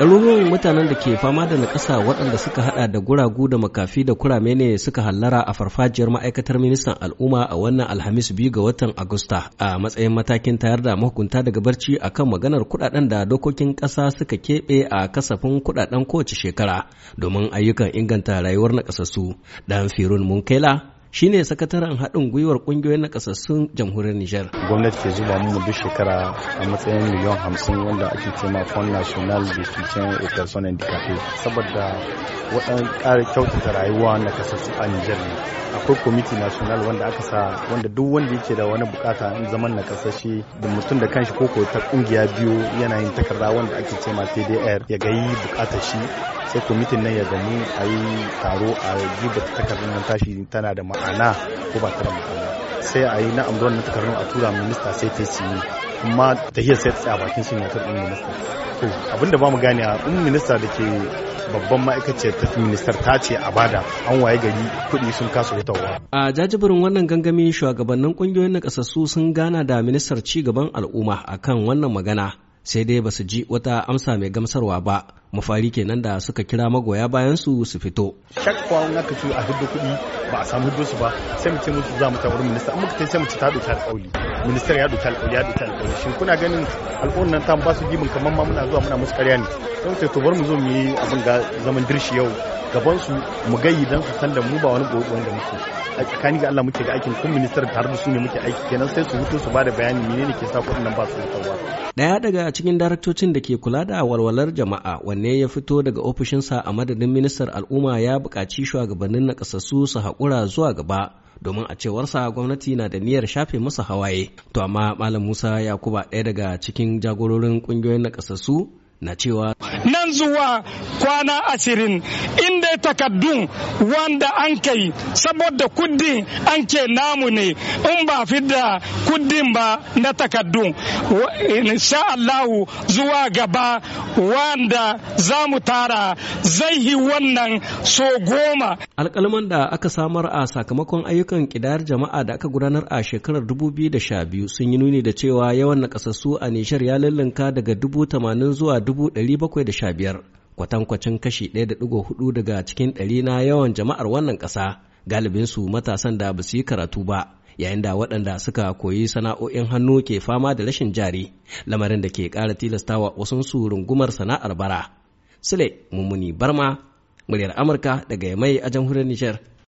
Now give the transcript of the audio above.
ɗaruruwan mutanen da ke fama da nakasa waɗanda suka hada da guragu da makafi da kurame ne suka hallara a farfajiyar ma'aikatar ministan al'umma a wannan alhamis biyu ga watan agusta a matsayin matakin tayar da mahukunta daga barci akan maganar kuɗaɗen da dokokin ƙasa suka keɓe a kasafin kuɗaɗen kowace shekara domin ayyukan inganta rayuwar nakasassu dan firun munkela shine sakataren haɗin gwiwar ƙungiyoyin nakasassun jamhuriyar Nijar. Gwamnati ke zuba mu duk shekara a matsayin miliyan hamsin wanda ake cema Fond National de Soutien aux Personnes Handicapées saboda waɗan ƙara kyautata rayuwa na kasassu a Nijar ne. Akwai kwamiti national wanda aka sa wanda duk wanda yake da wani bukata in zaman na kasashe da mutum da kanshi ko ko ta ƙungiya biyu yana yin takarda wanda ake cema TDR ya ga yi bukatar shi sai kwamitin nan ya gamu a yi taro a gibar takardun nan tashi tana da ma'ana ko ba ta ma'ana sai a yi na amuran na takardun a tura minista sai ta ci amma ta hiyar sai ta bakin shi ne ta ɗin minista to abinda ba mu gane a ɗin minista da ke babban ma'aikaciyar ta minista ta ce a bada an waye gari kuɗi sun kasa tawa A jajibirin wannan gangami shugabannin ƙungiyoyin nakasassu sun gana da ministar ci gaban al'umma akan wannan magana sai dai ba su ji wata amsa mai gamsarwa ba mafari kenan da suka kira magoya bayan su su fito shakwa wani aka ce a hidda kuɗi ba a samu hiddo su ba sai mu ce musu za mu ta wurin minista amma mu ce ta ɗauki alƙawli ministar ya ɗauki alƙawli ya alƙawli shin kuna ganin alƙawarin nan ta ba su gibin kamar ma muna zuwa muna musu ƙarya ne sai mu ce to bar mu zo mu yi abin ga zaman dirshi yau gaban su mu gayi dan su san mu ba wani gogon da muke a tsakani ga Allah muke ga aikin kun ministar tare da su ne muke aiki kenan sai su hutu su bada bayani menene ke sa kuɗin nan ba su hutarwa daya daga cikin daraktocin da ke kula da walwalar jama'a wani ne ya fito daga ofishinsa a madadin ministar al'umma ya buƙaci shugabannin nakasassu su haƙura zuwa gaba domin a cewarsa gwamnati na da niyyar shafe masa hawaye to amma malam musa ya yakuba ɗaya daga cikin jagororin ƙungiyoyin nakasassu na cewa nan zuwa kwana ashirin inda takaddun wanda an kai saboda kuddin an ke namu ne in ba fidda kuddin ba na takaddun insha Allahu zuwa gaba wanda za mu tara zai yi wannan so goma. Alƙalman da aka samar a sakamakon ayyukan ƙidayar jama'a da aka gudanar a shekarar 2012 sun yi nuni da cewa yawan nakasassu a Nishar ya lallanka daga 80,000 zuwa 715 kwatankwacin kashi 1.4 daga cikin ɗari na yawan jama'ar wannan ƙasa. galibinsu matasan da ba su yi karatu ba yayin da waɗanda suka koyi sana'o'in hannu ke fama da rashin jari lamarin da ke ƙara tilastawa su rungumar sana'ar bara sule mummuni barma muryar amurka daga mai a jamhuriyar nijar